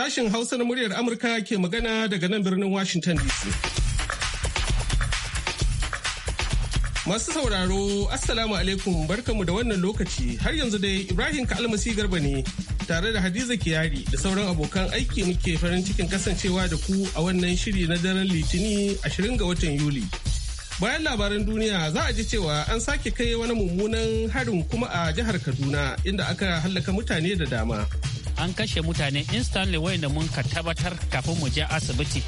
Sashen Hausa na muryar Amurka ke magana daga nan birnin Washington DC. Masu sauraro, Assalamu alaikum mu da wannan lokaci har yanzu dai Ibrahim ka'almasi Garba ne tare da Hadiza Kiyari da sauran abokan aiki muke farin cikin kasancewa da ku a wannan shiri na daren Litini 20 ga watan Yuli. Bayan labaran duniya za a ji cewa an sake kai wani mummunan harin kuma a jihar Kaduna inda aka hallaka mutane da dama. an kashe mutane instantly wayanda mun ka tabbatar kafin mu je asibiti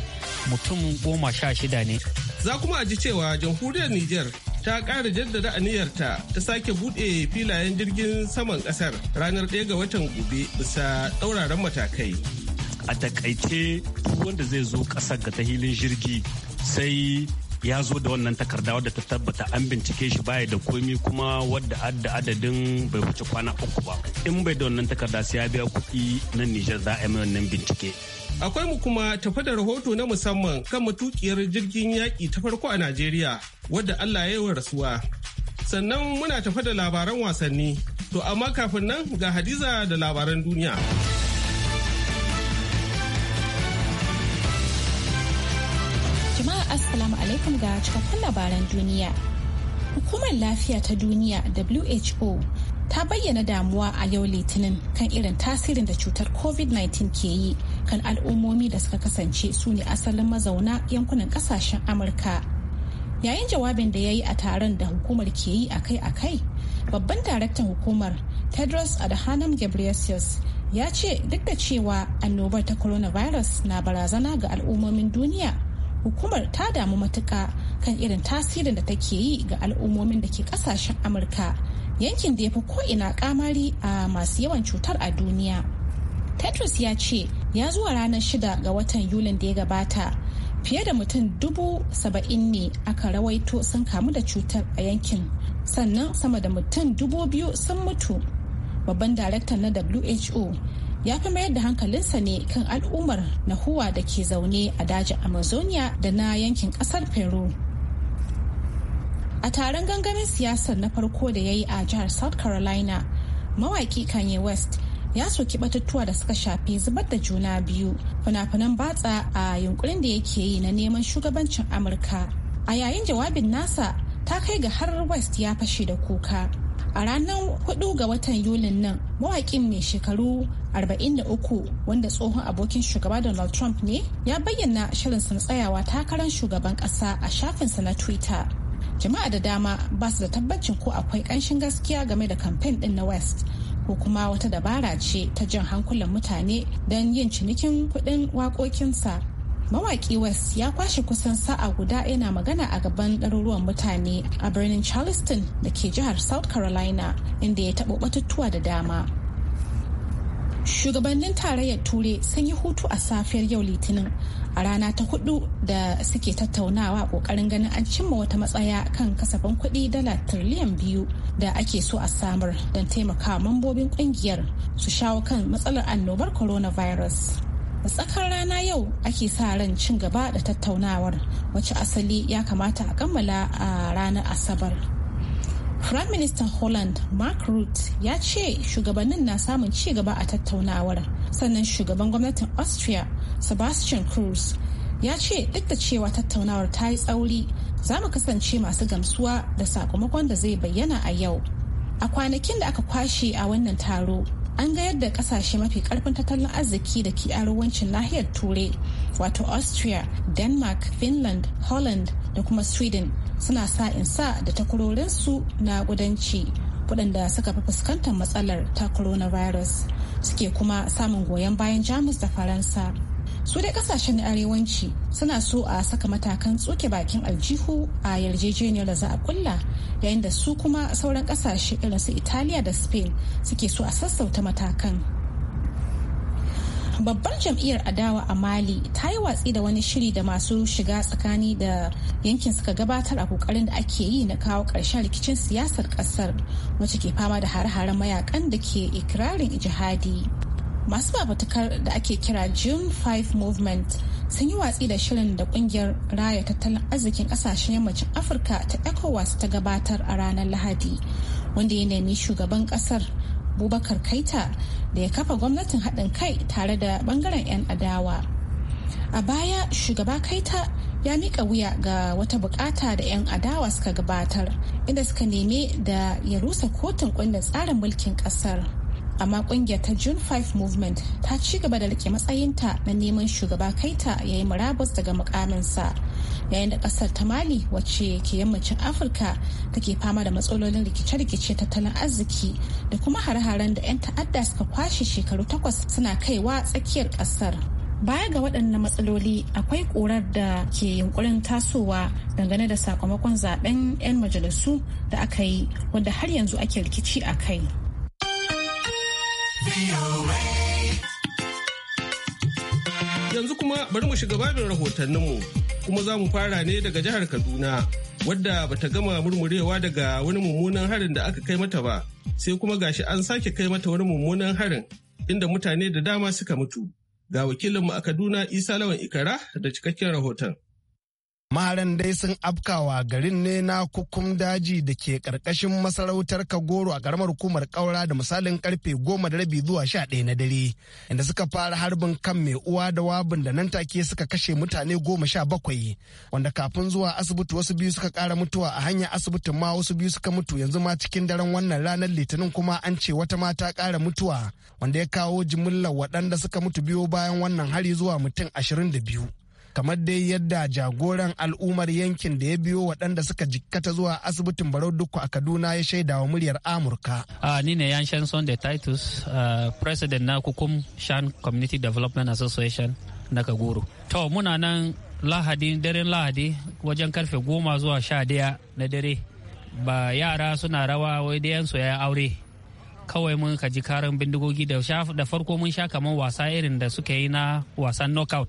mutum goma sha shida ne. Za kuma a ji cewa jamhuriyar Nijar ta ƙara jaddada aniyarta ta sake buɗe filayen jirgin saman ƙasar ranar ɗaya ga watan gobe bisa ɗauraran matakai. A takaice wanda zai zo ƙasar ga ta hilin jirgi sai ya zo da wannan takarda wadda ta tabbata an bincike shi baya da komi kuma wadda adda adadin bai wuce kwana uku ba in bai da wannan takarda sai ya biya kuɗi na nijar za a yi wannan bincike akwai mu kuma tafa da rahoto na musamman kan matukiyar jirgin yaƙi ta farko a najeriya wadda allah ya yi wa rasuwa sannan muna tafa da labaran wasanni to amma kafin nan ga hadiza da labaran duniya. alaikum ga cikakkun labaran duniya. Hukumar lafiya ta duniya WHO ta bayyana damuwa a yau litinin kan irin tasirin da cutar covid-19 ke yi kan al'ummomi da suka kasance su ne asalin mazauna yankunan kasashen amurka yayin jawabin da ya yi a taron da hukumar ke yi akai-akai babban daraktan hukumar tedros adhanom ghebreyesus ya ce duk da cewa annobar ta coronavirus na barazana ga al'ummomin duniya hukumar ta damu matuka kan irin tasirin da take yi ga al'ummomin da ke kasashen amurka yankin da ya fi ko'ina kamari a masu yawan cutar a duniya tetris ya ce ya zuwa ranar shida ga watan yulin da ya gabata fiye da mutum dubu saba'in ne aka rawaito sun kamu da cutar a yankin sannan sama da mutum dubu biyu sun mutu babban daraktan na who ya fi mayar da hankalinsa ne kan al'ummar nahuwa da ke zaune a dajin amazonia da na yankin kasar peru a taron gangamin siyasar na farko da ya yi a jihar south carolina mawaki kanye west ya soki batutuwa da suka shafi zubar da juna biyu fina-finan batsa a yunkurin da yake yi na neman shugabancin amurka a yayin jawabin nasa ta kai ga har west ya fashe da kuka a ranar 4 ga watan yulin nan mawaƙin mai shekaru 43 wanda tsohon abokin shugaba donald trump ne ya bayyana shirinsa na tsayawa takarar shugaban ƙasa a shafinsa na twitter jama'a da dama ba su da tabbacin ko akwai ƙanshin gaskiya game da kamfen ɗin na west ko kuma wata dabara ce ta jan hankulan mutane don yin cinikin kuɗin waƙoƙinsa mawaki west ya kwashe kusan sa'a guda yana magana a gaban ɗaruruwan mutane a birnin charleston da ke jihar south carolina inda ya taɓa batutuwa da dama shugabannin tarayyar ture sun yi hutu a safiyar yau litinin a rana ta hudu da suke tattaunawa kokarin ganin an cimma wata matsaya kan kasafin kuɗi dala tiriliyan biyu da ake so a samar don taimaka mambobin kungiyar su shawo kan matsalar annobar coronavirus Da tsakar rana yau ake sa ran cin gaba da tattaunawar wacce asali ya kamata a kammala a ranar Asabar. Prime Minister Holland Mark rut ya ce shugabannin na samun ci gaba a tattaunawar. Sannan shugaban gwamnatin Austria Sebastian cruz ya ce duk da cewa tattaunawar ta yi tsauri za mu kasance masu gamsuwa da sakamakon da zai bayyana a yau. A kwanakin da aka kwashe a wannan taro, an ga yadda kasashe mafi karfin tattalin arziki da ke arwancin nahiyar turai wato austria denmark finland holland da kuma sweden suna sa in sa da takwarorinsu na gudanci waɗanda suka fi fuskantar matsalar ta coronavirus suke kuma samun goyon bayan jamus da faransa su dai kasashen arewanci suna so a saka matakan tsoke bakin aljihu a yarjejeniyar da za a kulla yayin da su kuma sauran kasashe irin su italiya da spain suke so a sassauta matakan babbar jam'iyyar adawa a mali ta yi watsi da wani shiri da masu shiga tsakani da yankin suka gabatar a kokarin da ake yi na kawo ƙarshen rikicin siyasar ƙasar wacce ke fama da hare-haren mayakan da ke ikirarin jihadi masu babatakar da ake kira june 5 movement sun yi watsi da shirin da kungiyar raya tattalin arzikin kasashen yammacin afirka ta ecowas ta gabatar a ranar lahadi wanda ya nemi shugaban kasar bubakar kaita da ya kafa gwamnatin haɗin kai tare da bangaren 'yan adawa a baya shugaba kaita ya mika wuya ga wata bukata da 'yan adawa suka gabatar inda suka neme da ya rusa kotun kundin tsarin mulkin kasar amma kungiyar ta june 5 movement ta ci gaba da rike matsayinta na neman shugaba kaita ya yi murabus daga mukaminsa yayin da kasar ta mali wacce ke yammacin afirka take fama da matsalolin rikice-rikice tattalin arziki da kuma hare-haren da 'yan ta'adda suka kwashe shekaru takwas suna kaiwa tsakiyar kasar baya ga waɗannan matsaloli akwai ƙurar da ke yunkurin tasowa dangane da sakamakon zaben 'yan majalisu da aka yi wanda har yanzu ake rikici a kai Yanzu kuma bari mu shiga babin rahotanninmu kuma za mu fara ne daga jihar Kaduna wadda bata gama murmurewa daga wani mummunan harin da aka kai mata ba sai kuma gashi an sake kai mata wani mummunan harin inda mutane da dama suka mutu. Ga wakilinmu a Kaduna Isa Lawan Ikara da cikakken rahoton. maran dai sun afkawa garin ne na kukum daji da ke karkashin masarautar kagoro a karamar hukumar kaura da misalin karfe goma da rabi zuwa sha ɗaya na dare inda suka fara harbin kan mai uwa da wabin da nan take suka kashe mutane goma sha bakwai wanda kafin zuwa asibiti wasu biyu suka kara mutuwa a hanyar asibitin ma wasu biyu suka mutu yanzu ma cikin daren wannan ranar litinin kuma an ce wata mata kara mutuwa wanda ya kawo jimillar waɗanda suka mutu biyo bayan wannan hari zuwa mutum ashirin da biyu kamar dai yadda jagoran al'ummar yankin da ya biyo waɗanda suka jikkata zuwa asibitin barau dukku a kaduna ya shaida wa muryar amurka a ni ne yanshan sunday titus president na kukum shan community development association na Ta to muna nan lahadi daren lahadi wajen karfe goma zuwa sha daya na dare ba yara suna rawa wai yansu ya aure kawai mun kaji karin bindigogi da farko mun sha kamar wasa irin da suka yi na wasan knockout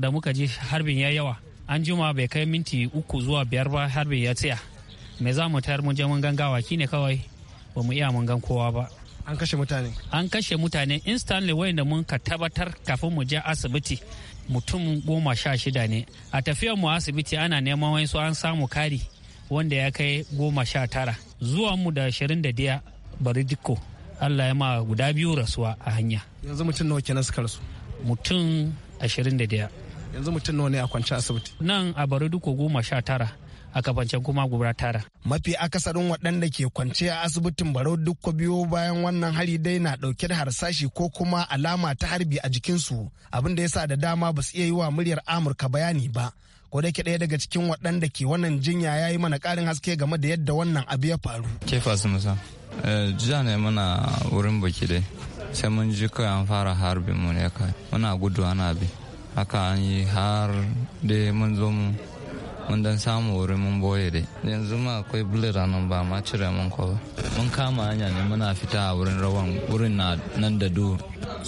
da muka ji harbin ya yawa an jima bai kai minti uku zuwa biyar ba harbin ya tsaya me za mu tayar mun je mun gangawa ne kawai ba mu iya mun gan kowa ba an kashe mutane an kashe mutane instantly wayanda mun ka tabbatar kafin mu je asibiti mutum goma sha shida ne a tafiyar mu asibiti ana neman su an samu kari wanda ya kai goma sha tara zuwa mu da ashirin da diya bari dikko allah ya ma guda biyu rasuwa a hanya yanzu mutum nawa kenan suka rasu mutum 21 yanzu mutum nawa ne a kwance asibiti nan a bari duko goma sha tara a kafancen kuma guda tara. Mafi akasarin waɗanda ke kwance a asibitin Barau dukko biyo bayan wannan hari dai na ɗauke da harsashi ko kuma alama ta harbi a jikinsu abin da ya sa da dama ba su iya yi wa muryar Amurka bayani ba. Ko da ɗaya daga cikin waɗanda ke wannan jinya ya yi mana ƙarin haske game da yadda wannan abu ya faru. Kefa fasu musa. Eh, jiya ne mana wurin baki dai. sai mun ji kawai an fara harbin mu ne kai muna gudu ana bi haka an yi har dai mun zo mu mun dan samu wuri mun boye dai yanzu ma akwai bulira nan ba ma cire mun ko mun kama hanya ne muna fita a wurin rawan wurin na nan da du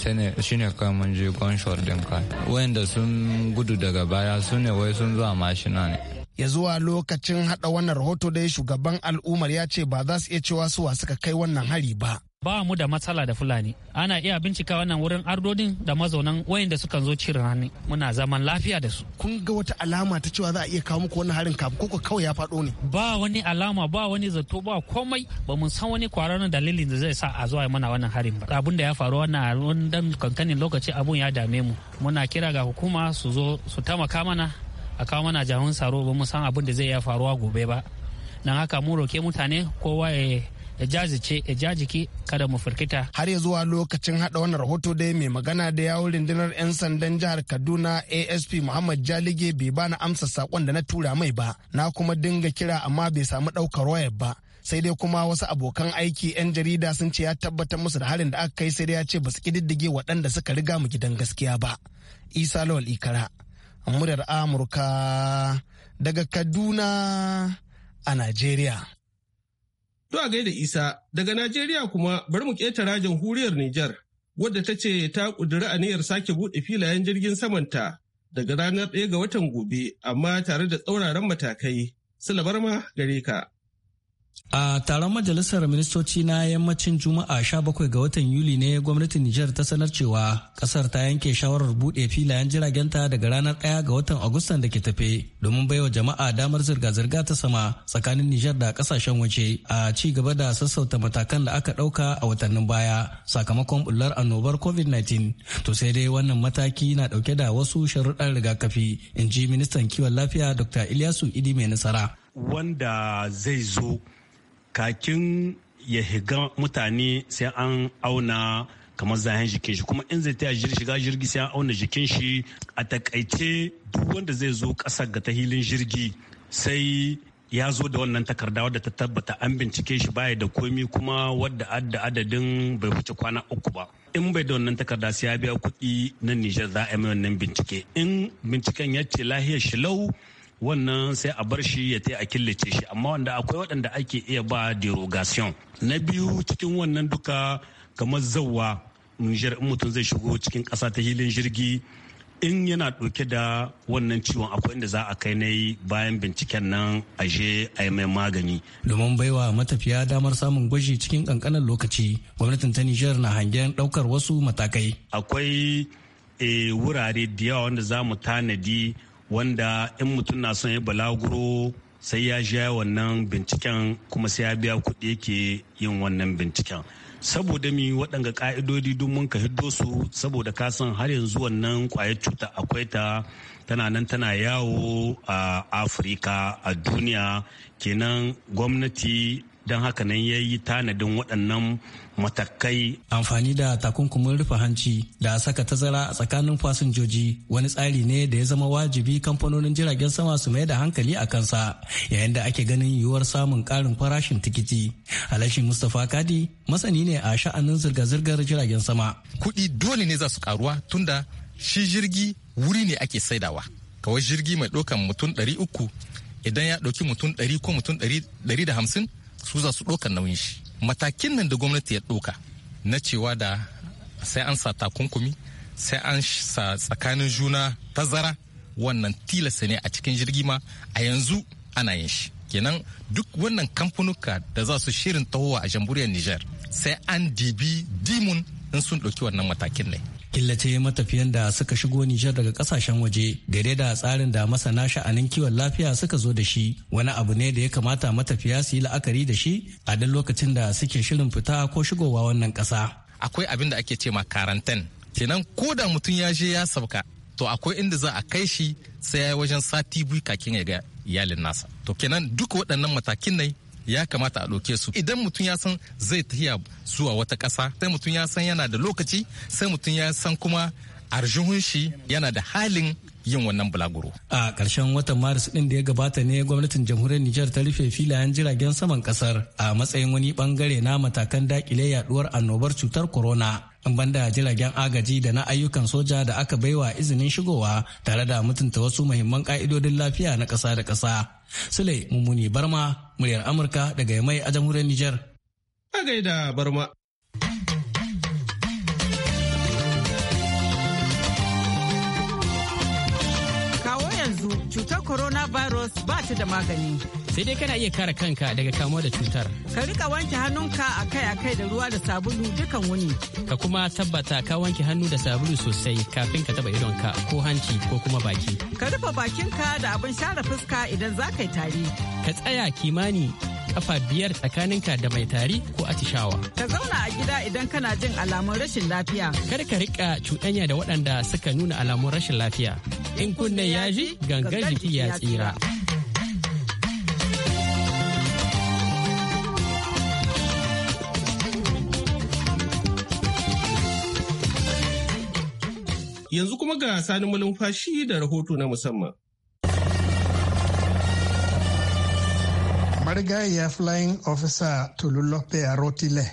sai ne shine kai mun ji gunshot din kai wayanda sun gudu daga baya su ne wai sun zuwa mashina ne ya zuwa lokacin hada wannan rahoto dai shugaban al'ummar ya ce ba za su iya cewa suwa suka kai wannan hari ba ba mu da matsala da fulani ana iya bincika wannan wurin ardodin da mazaunan wayanda sukan zo cire hannu muna zaman lafiya da su kun ga wata alama ta cewa za a iya kawo muku wannan harin kafin koko kawai ya faɗo ne ba wani alama ba wani zato ba komai ba mun san wani kwararren dalilin da zai sa a zuwa mana wannan harin ba abin da ya faru wannan a wannan kankanin lokaci abun ya dame mu muna kira ga hukuma su zo su taimaka mana a kawo mana jahun saro ba mu san abin da zai iya faruwa gobe ba nan haka mu roke mutane kowa ya ya jajice ya jajike kada mu firkita har ya zuwa lokacin hada wannan rahoto dai mai magana da yawo rundunar 'yan sandan jihar kaduna asp muhammad jalige bai bani amsa sakon da na tura mai ba na kuma dinga kira amma bai samu ɗaukar wayar ba sai dai kuma wasu abokan aiki 'yan jarida sun ce ya tabbatar musu da harin da aka kai sai dai ya ce ba su kididdige waɗanda suka riga mu gidan gaskiya ba isa lawal ikara muryar amurka daga kaduna a najeriya To a gaida Isa, daga Najeriya kuma bari mu ƙetara jamhuriyar Nijar, wadda ta ce ta ƙudiri aniyar sake buɗe filayen jirgin samanta daga ranar ɗaya ga watan gobe, amma tare da tsauraran matakai. Sula ma gare ka. A taron majalisar ministoci na yammacin Juma'a 17 ga watan Yuli ne gwamnatin Nijar ta sanar cewa kasar ta yanke shawarar buɗe filayen jiragenta daga ranar 1 ga watan Agustan da ke tafe domin baiwa jama'a damar zirga-zirga ta sama tsakanin Nijar da kasashen waje a ci gaba da sassauta matakan da aka ɗauka a watannin baya sakamakon bullar annobar COVID-19. To sai dai wannan mataki na ɗauke da wasu sharuɗan rigakafi, in ji ministan kiwon lafiya Dr. Ilyasu Idi mai nasara. Wanda zai zo kakin ya higa mutane sai an auna kamar zahen jikin shi kuma in zai ta shiga jirgi sai an auna jikin shi a takaice duk wanda zai zo kasar ga ta hilin jirgi sai ya zo da wannan takarda wadda ta tabbata an bincike shi baya da komi kuma wadda adda adadin bai wuce kwana uku ba in bai da wannan takarda sai ya biya kuɗi na Nijar za a yi wannan bincike in binciken ya ce lahiyar shi lau wannan sai a bar shi ya a killace shi amma wanda akwai waɗanda ake iya ba derogation na biyu cikin wannan duka kamar zawa nijar in mutum zai shigo cikin ƙasa ta hilin jirgi in yana ɗauke da wannan ciwon akwai inda za a kai na yi bayan binciken nan a a yi mai magani domin baiwa matafiya damar samun gwaji cikin ƙanƙanin lokaci gwamnatin ta nijar na hangen ɗaukar wasu matakai akwai eh, wurare da yawa wanda za mu tanadi wanda in mutum na son ya balaguro sai ya sha wannan binciken kuma sai ya biya kuɗi yake yin wannan binciken saboda mi waɗanga ka'idodi duk mun ka hiddo su saboda ka san har yanzu wannan ƙwayar cuta akwai ta tana nan tana yawo a afirka a duniya kenan gwamnati don haka nan ya yi tanadin waɗannan matakai. Amfani da takunkumin rufe hanci da saka tazara a tsakanin fasinjoji wani tsari ne da ya zama wajibi kamfanonin jiragen sama su mai da hankali a kansa yayin da ake ganin yiwuwar samun ƙarin farashin tikiti. Alashi Mustapha Kadi masani ne a sha'anin zirga-zirgar jiragen sama. Kuɗi dole ne za su ƙaruwa tunda shi jirgi wuri ne ake saidawa. Kawai jirgi mai ɗaukan mutum ɗari uku idan ya ɗauki mutum ɗari ko mutum ɗari da hamsin su za su ɗokan nauyin shi matakin nan da gwamnati ya ɗauka na cewa da sai an sa takunkumi sai an sa tsakanin juna tazara wannan tilasta ne a cikin jirgi ma a yanzu ana yin shi kenan duk wannan kamfanuka da za su shirin tahowa a jamhuriyar niger sai an dibi dimun in sun ɗauki wannan matakin ne killace matafiyan da suka shigo Nijar daga kasashen waje daidai da tsarin da masana sha'anin kiwon lafiya suka zo da shi wani abu ne da ya kamata matafiya su yi la'akari da shi a duk lokacin da suke shirin fita ko shigowa wannan kasa Akwai abin da ake ce ma karantan kenan ko da mutum ya je ya sauka to akwai inda za a kai shi sai ya yi wajen sati biyu kakin ya ga iyalin nasa to kenan duk waɗannan matakin ne ya kamata a ɗauke su idan mutum ya san zai tafiya zuwa wata ƙasa sai mutum ya san yana da lokaci sai mutum ya san kuma arjihun shi yana da halin yin wannan bulaguro. A ƙarshen watan Maris ɗin da ya gabata ne gwamnatin jamhuriyar Nijar ta rufe filayen jiragen saman ƙasar a matsayin wani ɓangare na matakan daƙile yaɗuwar annobar cutar corona. in banda jiragen agaji da na ayyukan soja da aka baiwa izinin shigowa tare da mutunta wasu muhimman ƙa'idodin lafiya na ƙasa da ƙasa. Sule Mummuni Barma, muryar Amurka daga Yamai a jamhuriyar Nijar. A gaida Barma, coronavirus ba ta da magani. Sai dai kana iya kare kanka daga kamuwa da cutar. Ka rika wanke hannunka akai-akai da ruwa da sabulu dukan wuni. Ka kuma tabbata ka wanke hannu da sabulu sosai kafin ka taba ka, ko hanci ko kuma baki. Ka rufe bakinka da abin share fuska idan za ka yi tari. Ka tsaya kimani kafa biyar tsakaninka da mai tari ko atishawa. Ka zauna a gida idan kana jin alamun rashin lafiya. Kar ka rika cuɗanya da waɗanda suka nuna alamun rashin lafiya. In kunne ya ji gangan jiki ya tsira. Yanzu kuma ga sani malumfashi da rahoto na musamman. marigayiya flying officer tolulope rotile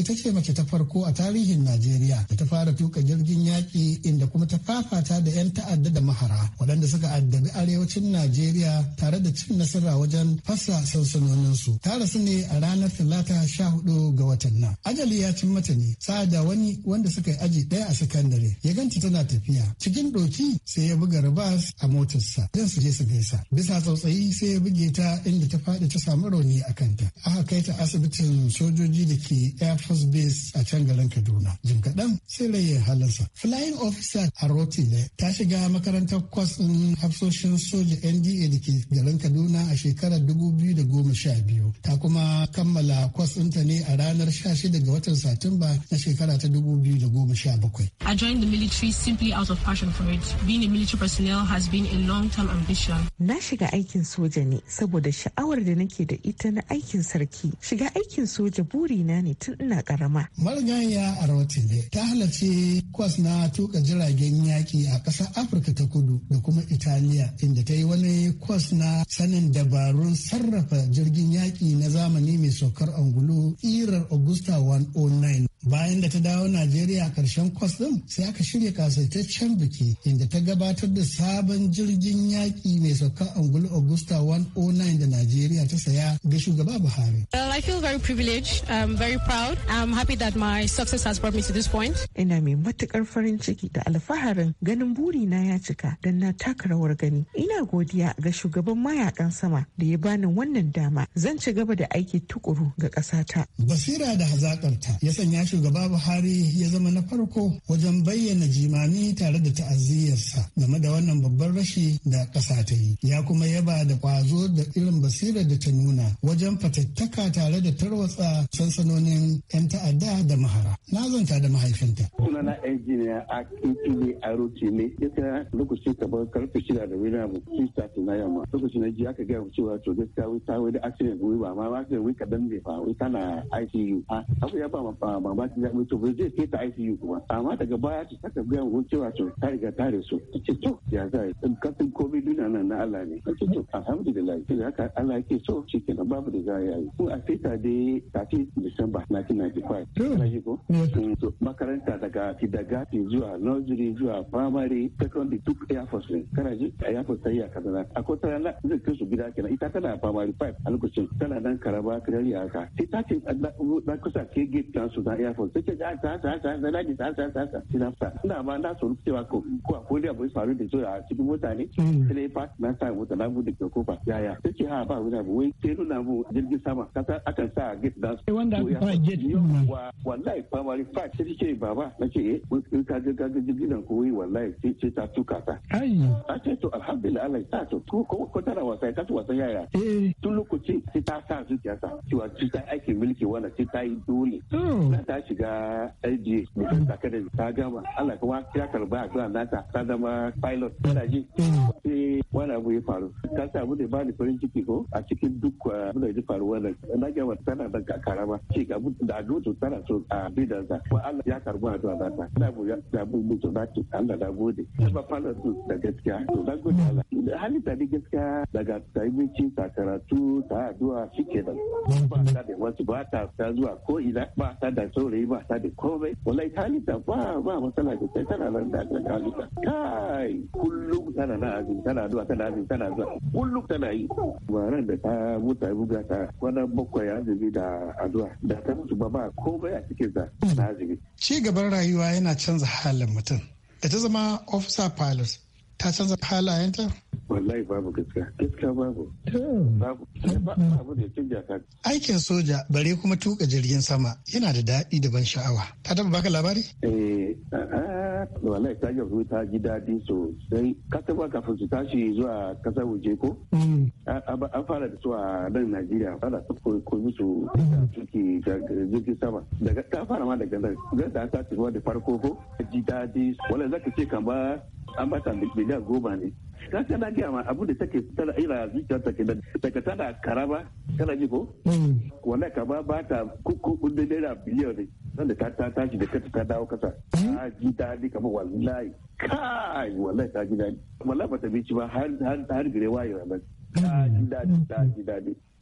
ita ce mace ta farko a tarihin najeriya da ta fara tuka jirgin yaki inda kuma ta fafata da 'yan ta'adda da mahara waɗanda suka addabi arewacin najeriya tare da cin nasara wajen fasa sansanoninsu ta rasu ne a ranar talata sha hudu ga watan nan ajali ya cin mata ne da wani wanda suka yi aji ɗaya a sakandare ya ganta tana tafiya cikin ɗoki sai ya buga rabas a motarsa zan su je su gaisa bisa tsautsayi sai ya buge ta inda ta faɗi ta samu rauni a kanta. Aka kai ta asibitin sojoji da ke Air Force Base a can garin Kaduna. Jim kaɗan sai rai halinsa. halarsa. Flying Officer a Rotile ta shiga makarantar kwas ɗin hafsoshin soja NDA da ke garin Kaduna a shekarar 2012. Ta kuma kammala kwas ɗinta ne a ranar 16 ga watan Satumba na shekara ta 2017. I joined the military simply out of passion for it. Being a military personnel has been a long-term ambition. Na shiga aikin soja ne saboda sha'awar da nake da ita na aikin sarki shiga aikin soja burina ne tun ina karama. Marigaya Arwatile ta halarci kwas na tuka jiragen yaki a ƙasar Afirka ta kudu da kuma Italiya inda ta yi wani kwas na sanin dabarun sarrafa jirgin yaki na zamani mai saukar angulu irar Augusta 109 bayan da ta dawo najeriya karshen kwas din sai aka shirya kasaitaccen biki inda ta gabatar da sabon jirgin yaƙi mai saukan angulu augusta 109 da najeriya ta saya ga shugaba buhari well i feel very privileged i'm very proud i'm happy that my success has brought me to this point ina mai matukar farin ciki da alfaharin ganin buri na ya cika don na taka rawar gani ina godiya ga shugaban mayakan sama da ya bani wannan dama zan ci gaba da aiki tukuru ga ƙasata basira da hazaƙarta ya sanya shugaba Buhari ya zama na farko wajen bayyana jimami tare da ta'aziyyarsa game da wannan babban rashi da ƙasa ta yi. Ya kuma yaba da ƙwazo da irin basirar da ta nuna wajen fatattaka tare da tarwatsa sansanonin 'yan ta'adda da mahara. Na zanta da mahaifinta. Sunana injiniya a Kintili Aroce ne, ita lokaci kamar karfe shida da wani abu, sun na yamma. Lokacin na ji aka gaya cewa to gaskiya wai ta wai da accident wai ba ma accident wai kadan bai fa wai tana ICU. Abu ya ba ba ta zaɓi to ba zai kai ta ICU kuma amma daga baya ta saka biyan gun cewa to ta riga ta rasu ta ce to ya za a yi kasan komai duniya nan na Allah ne ta ce to alhamdulillah ta da haka Allah ke so shi ke kenan babu da za a yi ko a sai ta dai ce Disamba 1995 ta shi ko mm, makaranta daga Kidagafi zuwa Nursery zuwa Primary Secondary duk Air Force ne kana ji a Air Force ta yi a Kaduna akwai ta rana zai kai su gida kenan ita tana Primary 5 a lokacin tana nan karaba kirari haka sai ta ce na kusa ke gate kansu na Air typhoid sai ce haka haka haka na daji ta haka haka shi na fita ina ma na tsoro cewa ko ko da bai faru da zuwa a cikin mota ne sai fa na sa mota na bude da kofa yaya sai ce ha ba wani abu wai sai nuna mu jirgin sama kasa akan sa gate da su wanda aka fara gate wallahi primary fact sai ce baba na ce eh ka ga ga jirgin nan ko wai wallahi sai ce ta tuka ta ai ta ce to alhamdulillah Allah ta to ko ko tana wasa ta wasa yaya tun lokacin sai ta sa zuciya ta cewa ta aikin mulki wannan sai ta yi dole ta shiga aiki mutum da kada ta gama Allah kuma ya karba a kan nata ta zama pilot tana ji sai wani abu ya faru ta samu da bani farin ciki ko a cikin duk uh, abin da ya faru wannan na gama tana da karama ce ga da adoto tana so a bidan sa kuma Allah ya karba a kan nata na bu ya bu mutu na Allah na gode. Ba pilot da gaskiya to na gode Allah. halitta da gaskiya daga taimaci ta karatu ta addu'a shike nan ba ta da wasu ba ta ta zuwa ko ina ba ta da saurayi ba ta da komai wallahi hali da ba ba matsala da kai tana nan da ta halitta kai kullum tana na azumi tana zuwa tana azumi tana zuwa kullum tana yi ranar da ta mutu ai buga ta kwana bakwai azumi da addu'a da ta mutu ba ba komai a cikin ta na azumi ci gaban rayuwa yana canza halin mutum da ta zama officer pilot ta canza halayenta? wallahi babu gaskiya gaskiya babu babu hmm. babu da canja ta aikin soja bare kuma tuka jirgin sama yana da daɗi da ban sha'awa ta taba baka labari eh wallahi ta ga ta ji daɗi sosai ka taba kafin su tashi zuwa kasar waje ko hmm. an fara da su a nan Najeriya fara su koyi su suke jirgin sama daga ta fara ma daga nan zai da ta tafi da farko ko ji daɗi wallahi zaka ce kamar an ba ta miliyan goma ne ka ka na gaya ma abin da take tana ira zuciya ta ke daga tana karaba tana ji ko mm. wala ka ba ba ta kuku kundin naira biliyan ne nan da ta ta ji da kanta ta dawo kasa mm. ta ji daɗi kama wallahi kai wallahi ta ji daɗi wallahi ba ta bi ci ba har gire wayewa ba ta ji daɗi ta ji daɗi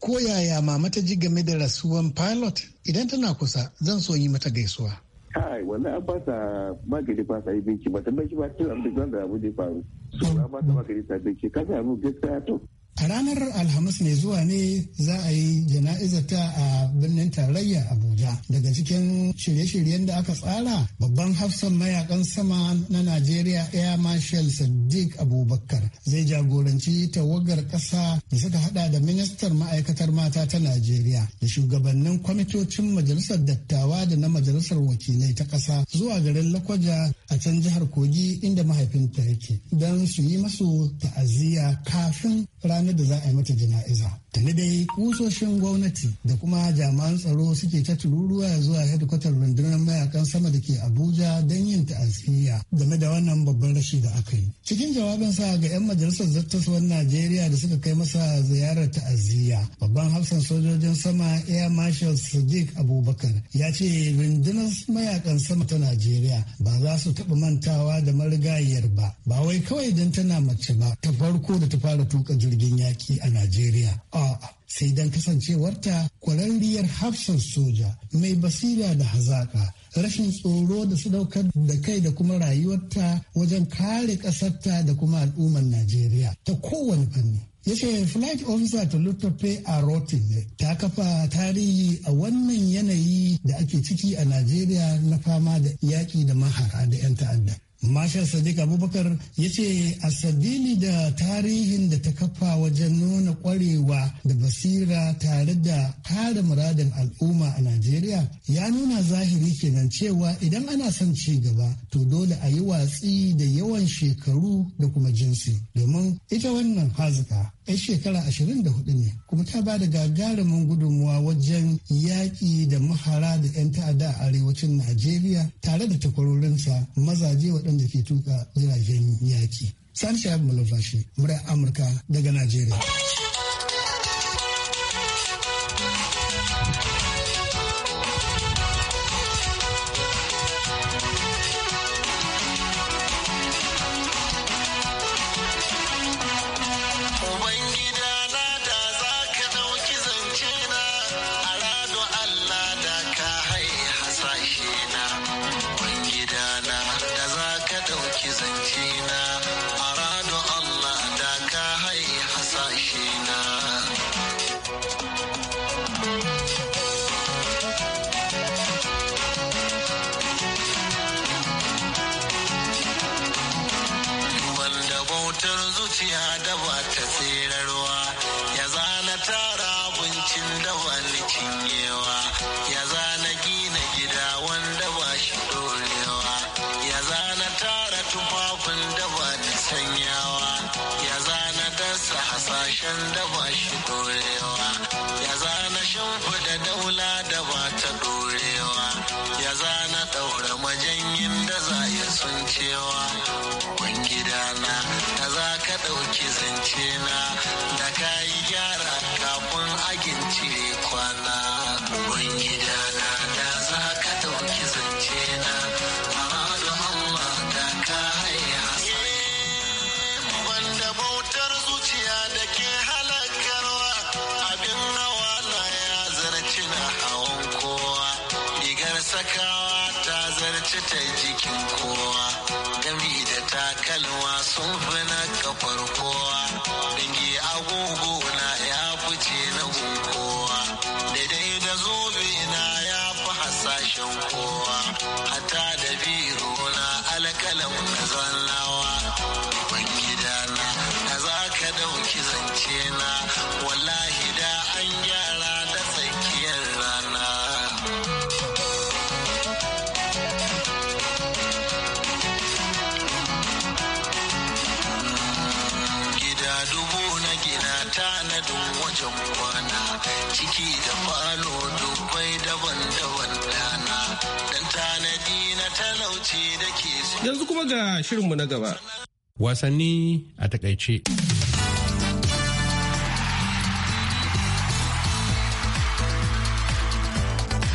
ko yaya mama ta ji game da rasuwan pilot idan tana kusa zan so yi mata gaisuwa kai wannan an fasa magani fasa yi binci ba ta bai ba ta abin da abu da faru so ba ta magani ta binci ka samu gaskiya to A ranar Alhamis mai zuwa ne za a yi jana'izar a birnin tarayya Abuja. Daga cikin shirye-shiryen da aka tsara babban hafsan mayakan sama na Najeriya Air Marshal Sadiq Abubakar zai jagoranci tawagar ƙasa da suka hada da ministar ma'aikatar mata ta Najeriya da shugabannin kwamitocin majalisar dattawa da na majalisar wakilai ta ƙasa zuwa garin Lakwaja a can jihar Kogi inda mahaifinta yake don su yi masu ta'aziyya kafin ranar yadda za a yi mata jana'iza tuni dai kusoshin gwamnati da kuma jami'an tsaro suke ta tururuwa zuwa hedikwatar rundunar mayakan sama da ke abuja don yin ta'aziyya game da wannan babban rashi da aka yi cikin jawabin sa ga 'yan majalisar zattaswar najeriya da suka kai masa ziyarar ta'aziyya babban hafsan sojojin sama air marshal sadiq abubakar ya ce rundunar mayakan sama ta najeriya ba za su taɓa mantawa da marigayiyar ba ba wai kawai don tana mace ba ta farko da ta fara tuka jirgin yaƙi a najeriya A'a, sai don kasancewarta kwararriyar hafsan soja mai basira da hazaka rashin tsoro da su daukar da kai da kuma rayuwarta wajen kare ƙasarta da kuma al'ummar Najeriya ta kowane fanni. ya ce flight officer tolutope a rotin ta kafa tarihi a wannan yanayi da ake ciki a najeriya na fama da yaƙi da mahara da 'yan ta'adda Marshal Sadiq Abubakar ya ce a sabili da tarihin da ta kafa wajen nuna kwarewa da basira tare da kare muradin al'umma a Najeriya ya nuna zahiri kenan cewa idan ana son ci gaba to dole a yi watsi da yawan shekaru da kuma jinsi domin ita wannan hazuka 'yan shekara 24 ne kuma ta ba da gagarumin gudunmuwa wajen yaƙi da mahara da 'yan ta'adda a arewacin Najeriya tare da takwarorinsa mazaje da ke tuka jiragen yaki. Sani Shahab Malafashi, murai Amurka daga Najeriya. ita jikin kowa gami da takalma sun fi na kafar kowa Yanzu kuma ga shirinmu na gaba. Wasanni a takaice.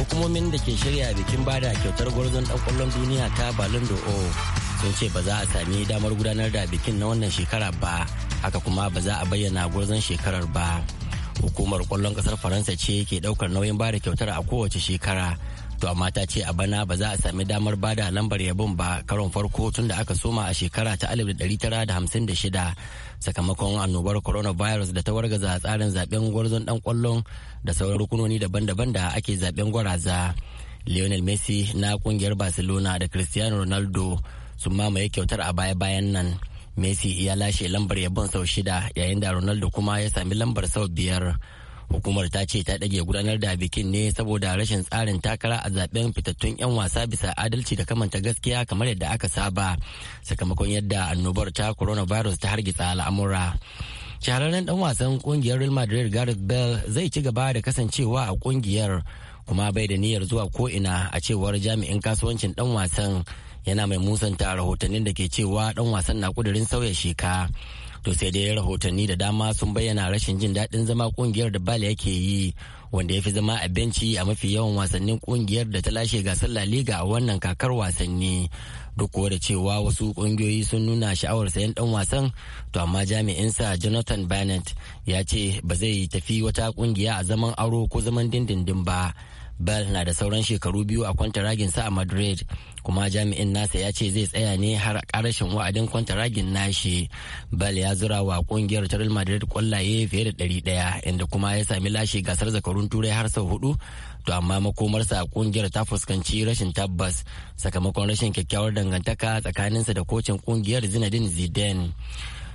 Hukumomin da ke shirya bikin bada kyautar gwarzon dan kwallon duniya ta Ballon o sun ce ba za a sami damar gudanar da bikin na wannan shekara ba, haka kuma ba za a bayyana gwarzon shekarar ba. Hukumar ƙwallon ƙasar Faransa ce ke ɗaukar nauyin bada kyautar a kowace shekara. to amma ta ce a bana ba za a sami damar bada lambar yabon ba karon farko tun da aka soma a shekara ta 1956 sakamakon annobar coronavirus da ta wargaza tsarin zaben gwarzon dan kwallon da sauran rukunoni daban-daban da ake zaben gwaraza lionel messi na kungiyar barcelona da cristiano ronaldo sun mamaye kyautar a baya-bayan nan messi ya lashe lambar yabon sau shida yayin da ronaldo kuma ya sami lambar sau biyar hukumar ta ce ta ɗage gudanar da bikin ne saboda rashin tsarin takara a zaben fitattun 'yan wasa bisa adalci da kamanta gaskiya kamar yadda aka saba sakamakon yadda annobar ta coronavirus ta hargitsa al'amura shahararren dan wasan kungiyar real madrid gareth bell zai ci gaba da kasancewa a kungiyar kuma bai da niyyar zuwa ko'ina a cewar jami'in kasuwancin dan wasan yana mai musanta rahotannin da ke cewa dan wasan na kudirin sauya shekara to sai dai rahotanni da dama sun bayyana rashin jin daɗin zama kungiyar da bale yake yi wanda ya fi zama a benci a mafi yawan wasannin kungiyar da ta lashe gasar la liga a wannan kakar wasanni duk da cewa wasu kungiyoyi sun nuna sha'awar sayan dan wasan to amma jami'insa jonathan bennett ya ce ba zai tafi wata kungiya a zaman aro ko zaman dindindin ba bal na da sauran shekaru biyu a kwantaraginsa a madrid kuma jami'in nasa ya ce zai tsaya ne har karashin wa'adin kwantaragin nashi bal ya zura wa kungiyar real madrid kwallaye fiye da ɗari ɗaya inda kuma ya sami lashe gasar zakarun turai har sau hudu to amma makomarsa a kungiyar ta fuskanci rashin tabbas sakamakon rashin kyakkyawar dangantaka tsakaninsa da kocin kungiyar zinedine zidane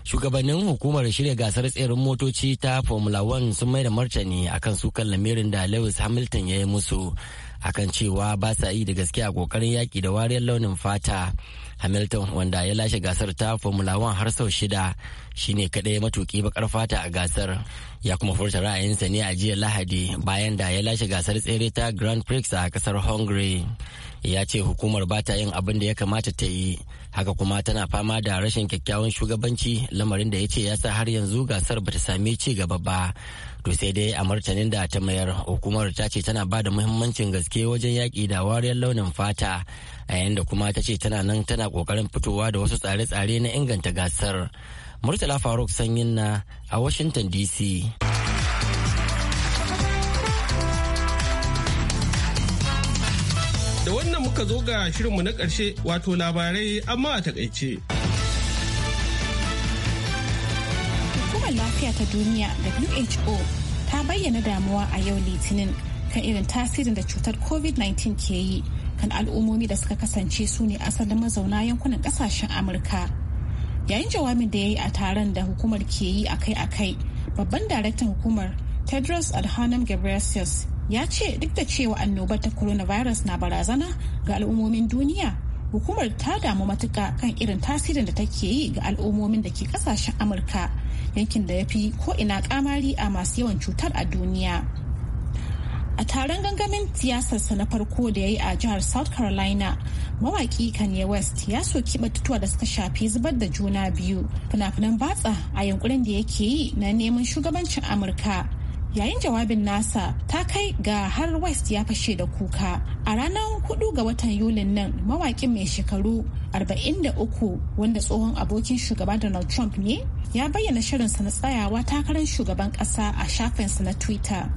shugabannin hukumar shirya gasar tseren motoci ta formula 1 sun mai da martani akan sukan lamirin da lewis hamilton ya yi musu akan cewa ba sa yi da gaske a kokarin yaki da wariyar launin fata hamilton wanda ya lashe gasar ta formula 1 har sau shida shine kadai matuki bakar fata a gasar ya kuma furta ra'ayinsa ne a jiya lahadi bayan da ya lashe gasar tsere ta grand prix a kasar hungary ya ce hukumar ba ta yin abin da ya kamata ta yi haka kuma tana fama da rashin kyakkyawan shugabanci lamarin da ya ce ya sa har yanzu gasar bata sami ci gaba ba to sai dai a martanin da ta mayar hukumar ta ce tana ba da muhimmancin gaske wajen yaƙi da wariyar launin fata a yayin da kuma ta ce tana nan tana ƙoƙarin fitowa da wasu tsare-tsare na inganta gasar murtala faruk sanyin na a washington dc muka zo ga shirinmu na ƙarshe wato labarai amma a takaice. Hukumar lafiya ta duniya da WHO ta bayyana damuwa a yau litinin kan irin tasirin da cutar COVID-19 ke yi kan al'ummomi da suka kasance su ne asalin mazauna yankunan kasashen Amurka. Yayin jawabin da ya yi a taron da hukumar ke yi akai-akai, babban daraktan hukumar Tedros Adhanom Ghebreyesus ya ce duk da cewa annobar ta coronavirus na barazana ga al'ummomin duniya hukumar ta damu matuka kan irin tasirin da take yi ga al'ummomin da ke kasashen amurka yankin da ya fi ko'ina kamari a masu yawan cutar a duniya a taron gangamin siyasarsa na farko da ya yi a jihar south carolina mawaki kanye west ya soki batutuwa da suka shafi zubar da juna biyu fina-finan batsa a yankunan da yake yi na neman shugabancin amurka yayin jawabin nasa ta kai ga har west ya fashe da kuka a ranar hudu ga watan yulin nan mawakin mai shekaru 43 wanda tsohon abokin shugaba donald trump ne ya bayyana shirinsa na tsayawa takarar shugaban kasa a shafinsa na twitter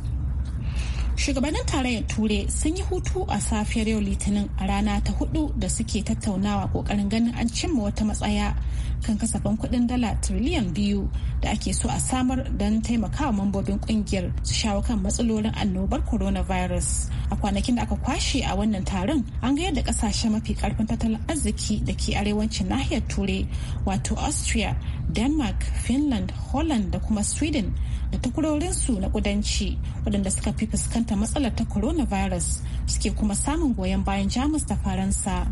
shugabannin tarayyar turai sun yi hutu a safiyar yau litinin a rana ta hudu da suke tattaunawa kokarin ganin an cimma wata matsaya kan kasafin kudin dala tiriliyan biyu da ake so a samar don taimakawa mambobin ƙungiyar su shawo kan matsalolin annobar coronavirus. A kwanakin da aka kwashe a wannan taron an ga yadda ƙasashe mafi karfin tattalin arziki da ke arewacin nahiyar Turai wato Austria, Denmark, Finland, Holland da kuma Sweden da takurorinsu na kudanci waɗanda suka fi fuskanta matsalar ta coronavirus suke kuma samun goyon bayan Jamus da Faransa.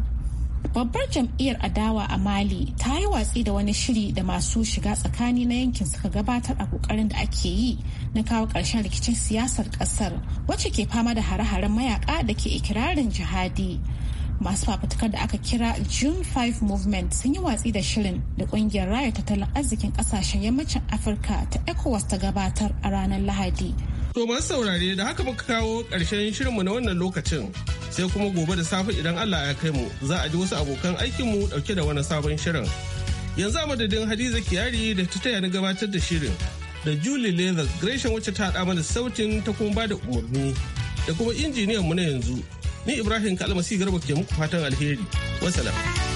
babbar jam'iyyar adawa a mali ta yi watsi da wani shiri da masu shiga tsakani na yankin suka gabatar a kokarin da ake yi na kawo ƙarshen rikicin siyasar ƙasar wacce ke fama da hare-haren mayaka da ke ikirarin jihadi masu fafutukar da aka kira june 5 movement sun yi watsi da shirin da kungiyar raya tattalin arzikin ƙasashen yammacin afirka ta ecowas ta gabatar a ranar lahadi To masu saurare da haka muka kawo ƙarshen shirinmu na wannan lokacin sai kuma gobe da safe idan Allah ya kai mu za a ji wasu abokan aikinmu ɗauke da wani sabon shirin. Yanzu a madadin Hadiza Kiyari da ta taya na gabatar da shirin da Julie Leather Gresham wacce ta haɗa mana sautin ta kuma ba da umarni da kuma injiniyan mu na yanzu. Ni Ibrahim Kalmasi Garba ke muku fatan alheri. Wasalam.